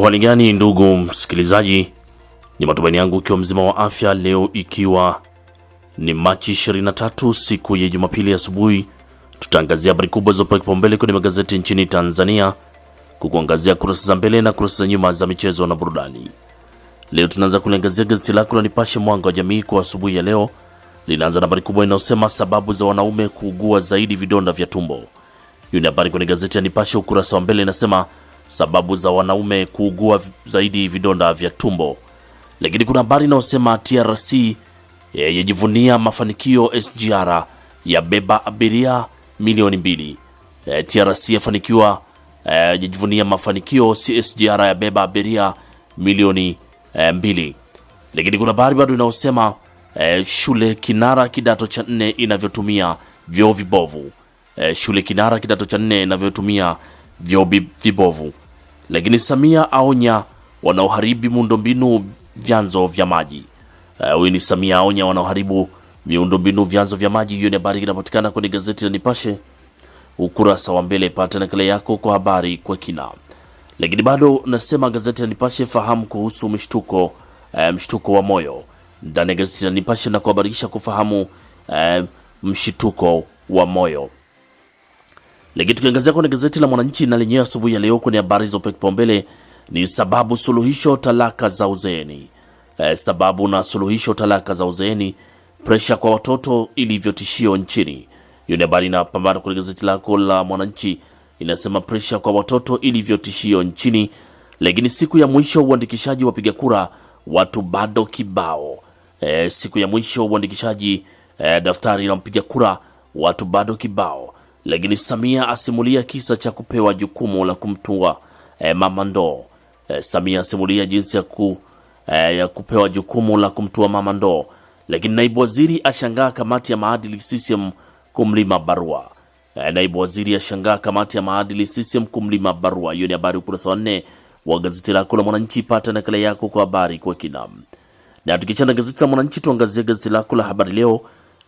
Uhali gani ndugu msikilizaji, ni matumaini yangu ikiwa mzima wa afya. Leo ikiwa ni Machi 23 siku ya Jumapili asubuhi, tutaangazia habari kubwa zilizopewa kipaumbele kwenye magazeti nchini Tanzania, kukuangazia kurasa za mbele na kurasa za nyuma za michezo na burudani. Leo tunaanza kuliangazia gazeti lako la Nipashe Mwanga wa Jamii kwa asubuhi ya leo. Linaanza na habari kubwa inayosema sababu za wanaume kuugua zaidi vidonda vya tumbo. Hiyo ni habari kwenye gazeti ya Nipashe ukurasa wa mbele, inasema sababu za wanaume kuugua zaidi vidonda vya tumbo. Lakini kuna habari inayosema TRC yajivunia mafanikio SGR beba abiria milioni mbili. Eh, TRC yafanikiwa eh, yajivunia mafanikio ya beba abiria milioni eh, mbili. Lakini kuna habari bado inayosema shule kinara kidato cha nne inavyotumia vyoo vibovu. Shule kinara kidato cha nne inavyotumia vyobi vibovu, lakini Samia aonya wanaoharibu miundombinu vyanzo vya maji. Eh, huyu uh, ni Samia aonya wanaoharibu miundombinu vyanzo vya maji. Hiyo ni habari inapatikana kwenye gazeti la Nipashe ukurasa wa mbele, pata nakala yako kwa habari kwa kina. Lakini bado nasema gazeti la Nipashe, fahamu kuhusu mshtuko uh, mshtuko wa moyo ndani ya gazeti la Nipashe na kuhabarisha kufahamu uh, mshtuko wa moyo lakini tukiangazia kwenye gazeti la Mwananchi na lenyewe asubuhi ya leo kwenye habari zilizopewa kipaumbele ni sababu suluhisho talaka za uzeeni. Eh, sababu na suluhisho talaka za uzeeni, presha kwa watoto ilivyotishio nchini. Hiyo ni habari inapambana kwenye gazeti lako la Mwananchi, inasema presha kwa watoto ilivyotishio nchini. Lakini siku ya mwisho uandikishaji wapiga kura watu bado kibao. Eh, siku ya mwisho uandikishaji eh, daftari la mpiga kura watu bado kibao lakini Samia asimulia kisa cha kupewa jukumu la kumtua eh, mama ndoo. Eh, Samia asimulia jinsi ya, ku, eh, ya kupewa jukumu la kumtua mama ndoo. Lakini naibu waziri ashangaa kamati ya maadili CCM kumlima barua. Eh, naibu waziri ashangaa kamati ya maadili CCM kumlima barua. Hiyo ni habari ukurasa wa nne wa gazeti lako la Mwananchi. Pata nakala yako kwa habari kwa kina. Na tukichana gazeti la Mwananchi, tuangazie gazeti lako la Habari Leo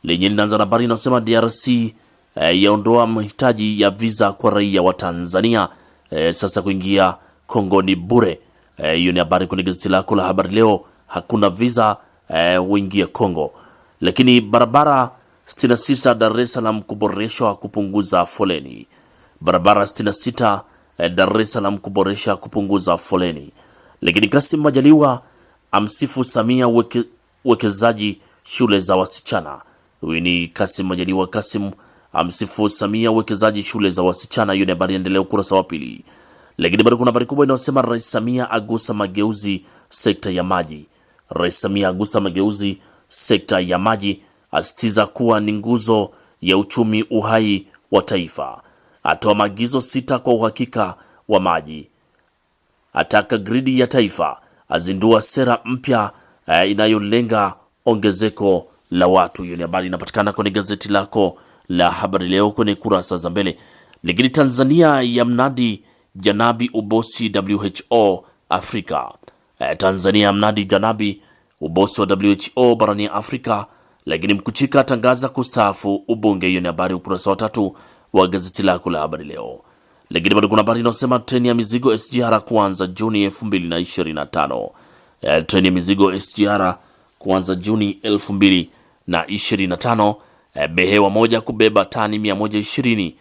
lenye linaanza na habari inayosema DRC e, yaondoa mahitaji ya visa kwa raia wa Tanzania e, sasa kuingia Kongo ni bure. Eh, hiyo e, ni habari kwenye gazeti lako la habari leo. Hakuna visa e, uingie Kongo. Lakini barabara 66 Dar es Salaam kuboreshwa kupunguza foleni. Barabara 66 Dar es Salaam kuboresha kupunguza foleni. Lakini Kassim Majaliwa amsifu Samia weke, wekezaji shule za wasichana. Huyu ni Kassim Majaliwa Kassim amsifu Samia uwekezaji shule za wasichana. Hiyo ni habari ukurasa wa pili, lakini bado kuna habari kubwa inayosema Rais Samia agusa mageuzi sekta ya maji. Rais Samia agusa mageuzi sekta ya maji, asitiza kuwa ni nguzo ya uchumi uhai wa taifa, atoa maagizo sita kwa uhakika wa maji, ataka gridi ya taifa, azindua sera mpya eh, inayolenga ongezeko la watu. Hiyo ni habari inapatikana kwenye gazeti lako la habari leo kwenye kurasa za mbele. Lakini Tanzania ya mnadi janabi ubosi WHO Afrika. Eh, Tanzania ya mnadi janabi ubosi wa WHO barani Afrika. Lakini Mkuchika atangaza kustaafu ubunge. Hiyo ni habari ukurasa wa tatu wa gazeti lako la habari leo. Lakini bado kuna habari inayosema treni ya mizigo SGR kuanza Juni 2025. Eh, treni ya mizigo SGR kuanza Juni 2025 e, behewa moja kubeba tani 120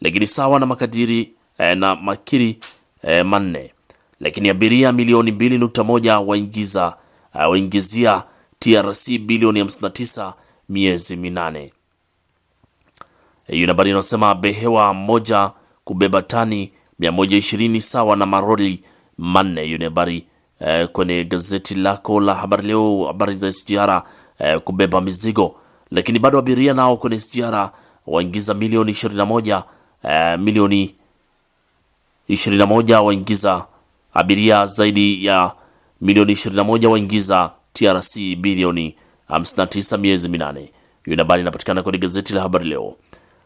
lakini sawa na makadiri e, na makiri e, manne, lakini abiria milioni 2.1 waingiza e, waingizia TRC bilioni 59 miezi minane. Hiyo nambari inasema behewa moja kubeba tani 120 sawa na maroli manne. Hiyo nambari eh, kwenye gazeti lako la habari leo, habari za SGR eh, kubeba mizigo lakini bado abiria nao kwenye SGR waingiza milioni 21, eh, milioni 21 waingiza abiria zaidi ya milioni 21 waingiza TRC bilioni 59 miezi minane. Hiyo ni habari inapatikana kwenye gazeti la Habari Leo.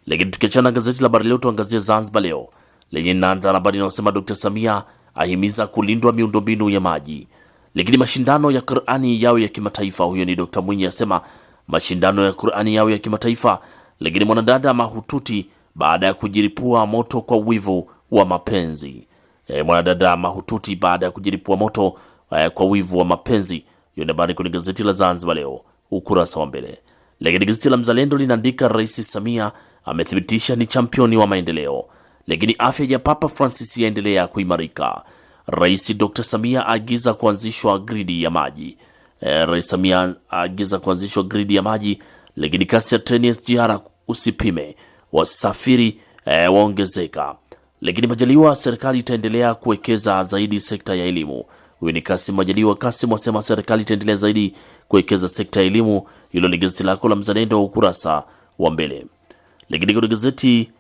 Lakini tukiachana gazeti la Habari Leo, tuangazie Zanzibar Leo lenye nanda na habari inayosema Dr. Samia ahimiza kulindwa miundombinu ya maji, lakini mashindano ya Qur'ani yao ya kimataifa. Huyo ni Dr. Mwinyi asema mashindano ya Qur'ani yao ya kimataifa, lakini mwanadada mahututi baada ya kujiripua moto kwa wivu wa mapenzi. E, mwanadada mahututi baada ya kujiripua moto e, kwa wivu wa mapenzi. Hiyo ni habari kwenye gazeti la Zanzibar leo ukurasa wa mbele. Lakini gazeti la Mzalendo linaandika Rais Samia amethibitisha ni championi wa maendeleo. Lakini afya ya Papa Francis yaendelea kuimarika. Rais Dr. Samia aagiza kuanzishwa gridi ya maji eh, Rais Samia aagiza kuanzishwa gridi ya maji, lakini kasi ya treni SGR usipime, wasafiri eh, waongezeka. Lakini Majaliwa, serikali itaendelea kuwekeza zaidi sekta ya elimu. Huyu ni Kasim Majaliwa. Kasim wasema serikali itaendelea zaidi kuwekeza sekta ya elimu. Hilo ni gazeti lako la Mzalendo wa ukurasa wa mbele. Lakini kuna gazeti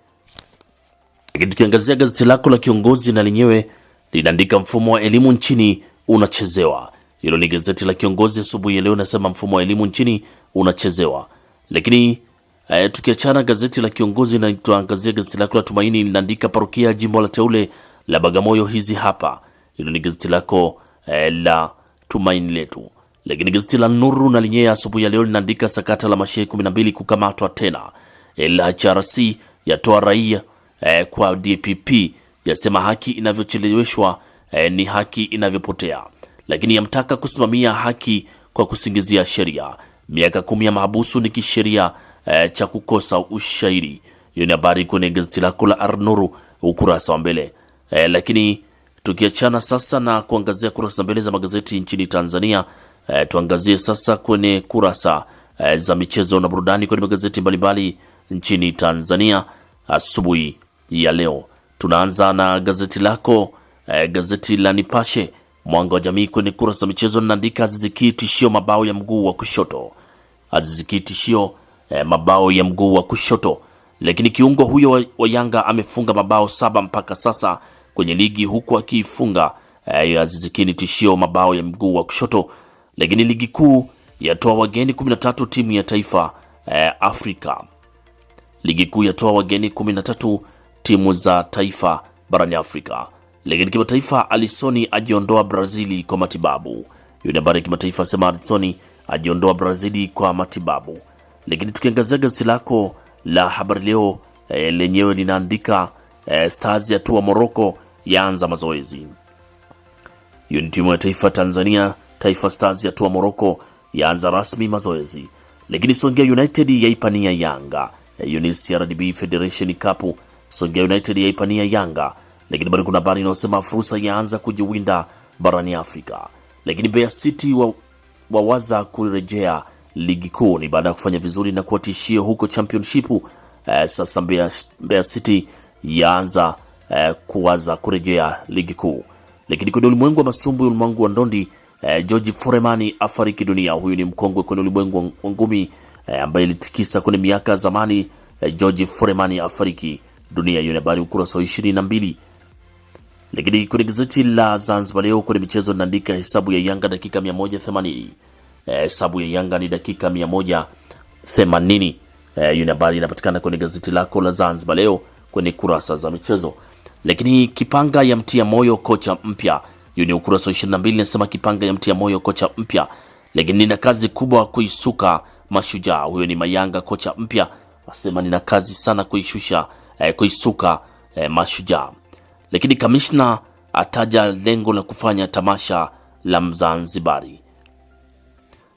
lakini tukiangazia gazeti lako la Kiongozi na lenyewe linaandika mfumo wa elimu nchini unachezewa. Hilo ni gazeti la Kiongozi asubuhi ya leo, nasema mfumo wa elimu nchini unachezewa. Lakini e, tukiachana gazeti la Kiongozi na tuangazia gazeti lako la Tumaini linaandika parokia jimbo la teule la Bagamoyo, hizi hapa. Hilo ni gazeti lako e, la Tumaini letu. Lakini gazeti la Nuru na lenyewe asubuhi ya leo linaandika sakata la mashehe 12 kukamatwa tena. Eh, LHRC yatoa raia e, kwa DPP yasema haki inavyocheleweshwa e, ni haki inavyopotea lakini yamtaka kusimamia haki kwa kusingizia sheria. Miaka kumi ya mahabusu ni kisheria e, cha kukosa ushahidi. Hiyo ni habari kwenye gazeti lako la Arnuru ukurasa wa mbele e, lakini tukiachana sasa na kuangazia kurasa mbele za magazeti nchini Tanzania e, tuangazie sasa kwenye kurasa e, za michezo na burudani kwenye magazeti mbalimbali nchini Tanzania asubuhi ya leo. Tunaanza na gazeti lako e, gazeti la Nipashe Mwanga wa Jamii kwenye kurasa za michezo linaandika Aziziki tishio mabao ya mguu wa kushoto. Aziziki tishio eh, mabao ya mguu wa kushoto. Lakini kiungo huyo wa, wa Yanga amefunga mabao saba mpaka sasa kwenye ligi huku akiifunga eh, Aziziki ni tishio mabao ya mguu wa kushoto. Lakini ligi kuu yatoa wageni 13 timu ya taifa eh, Afrika. Ligi kuu yatoa wageni 13 timu za taifa barani Afrika. Lakini kimataifa, Alisoni ajiondoa Brazili kwa matibabu. Hiyo ni habari ya kimataifa, sema Alisoni ajiondoa Brazili kwa matibabu. Lakini tukiangazia gazeti lako la Habari Leo e, lenyewe linaandika e, Stars ya yatua Moroko yaanza mazoezi. Hiyo ni timu ya taifa Tanzania, Taifa Stars ya yatua Moroko yaanza rasmi mazoezi. Lakini Songea United yaipania Yanga. E, hiyo ni CRDB Federation Cup. Songea United yaipania Yanga lakini bado kuna habari inayosema fursa yaanza kujiwinda barani Afrika. Lakini Mbeya City wawaza wa kurejea ligi kuu ni baada ya kufanya vizuri na kuwa tishio huko championship. Eh, sasa Mbeya, Mbeya City yaanza eh, kuwaza kurejea ligi kuu. Lakini kwenye ulimwengu wa masumbu, ulimwengu wa ndondi eh, George Foremani afariki dunia. Huyu ni mkongwe kwenye ulimwengu wa ngumi eh, ambaye ilitikisa kwenye miaka zamani. Eh, George Foremani afariki dunia, hiyo ni habari ukurasa wa ishirini na 22. Lakini kwenye gazeti la Zanzibar Leo kwenye michezo linaandika hesabu ya Yanga dakika 180. Eh, hesabu ya Yanga ni dakika 180. Eh, hiyo habari inapatikana kwenye gazeti lako la Zanzibar Leo kwenye kurasa za michezo. Lakini Kipanga ya mtia moyo kocha mpya. Hiyo ni ukurasa wa 22 inasema Kipanga ya mtia moyo kocha mpya. Lakini nina kazi kubwa kuisuka Mashujaa. Huyo ni Mayanga kocha mpya. Asema nina kazi sana kuishusha eh, kuisuka eh, Mashujaa lakini kamishna ataja lengo la kufanya tamasha la Mzanzibari.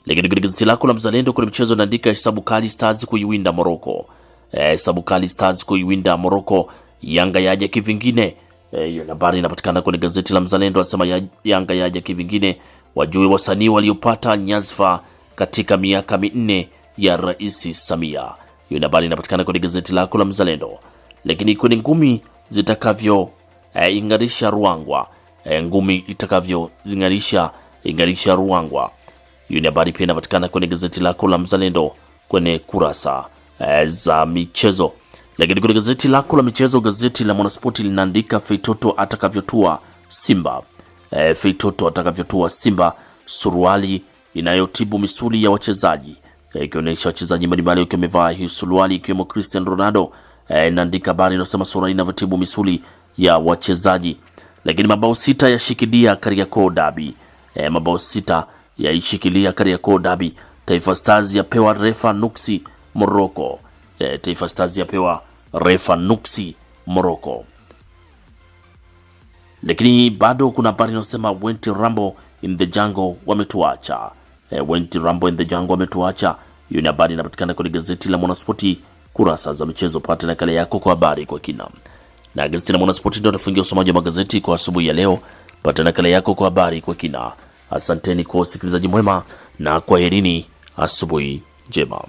Lakini kwenye gazeti lako la Mzalendo kuna mchezo inaandika hesabu kali Stars kuiwinda Moroko, eh, hesabu kali Stars kuiwinda Moroko, Yanga yaja kivingine. Eh, hiyo e, habari inapatikana kwenye gazeti la Mzalendo, anasema ya, Yanga yaja kivingine, wajue wasanii waliopata nyazfa katika miaka minne ya Rais Samia. Hiyo habari inapatikana kwenye gazeti lako la Mzalendo, lakini kwenye ngumi zitakavyo eh, ing'arisha Ruangwa eh, ngumi itakavyozing'arisha ing'arisha Ruangwa. Hiyo ni habari pia inapatikana kwenye gazeti lako la Mzalendo kwenye kurasa eh, za michezo. Lakini kwenye gazeti lako la michezo, gazeti la Mwanaspoti linaandika Feitoto atakavyotua Simba e, Feitoto atakavyotua Simba, suruali inayotibu misuli ya wachezaji eh, ikionyesha wachezaji mbalimbali wakiwa wamevaa hii suruali ikiwemo Cristiano Ronaldo. E, Inaandika habari inasema suruali inavyotibu misuli ya wachezaji, lakini mabao sita yashikilia Kariakoo dabi E, mabao sita yaishikilia Kariakoo dabi. Taifa Stars yapewa refa nuksi Moroko E, Taifa Stars yapewa refa nuksi Moroko. Lakini bado kuna habari inayosema Wenti Rambo in the jungle wametuacha. E, Wenti Rambo in the jungle wametuacha. Hiyo ni habari inapatikana kwenye gazeti la Mwanaspoti kurasa za michezo. Pata nakala yako kwa habari kwa kina na gazeti la Mwanaspoti ndio tunafungia usomaji wa magazeti kwa asubuhi ya leo. Pata nakala yako kwa habari kwa kina. Asanteni kwa usikilizaji mwema na kwaherini, asubuhi njema.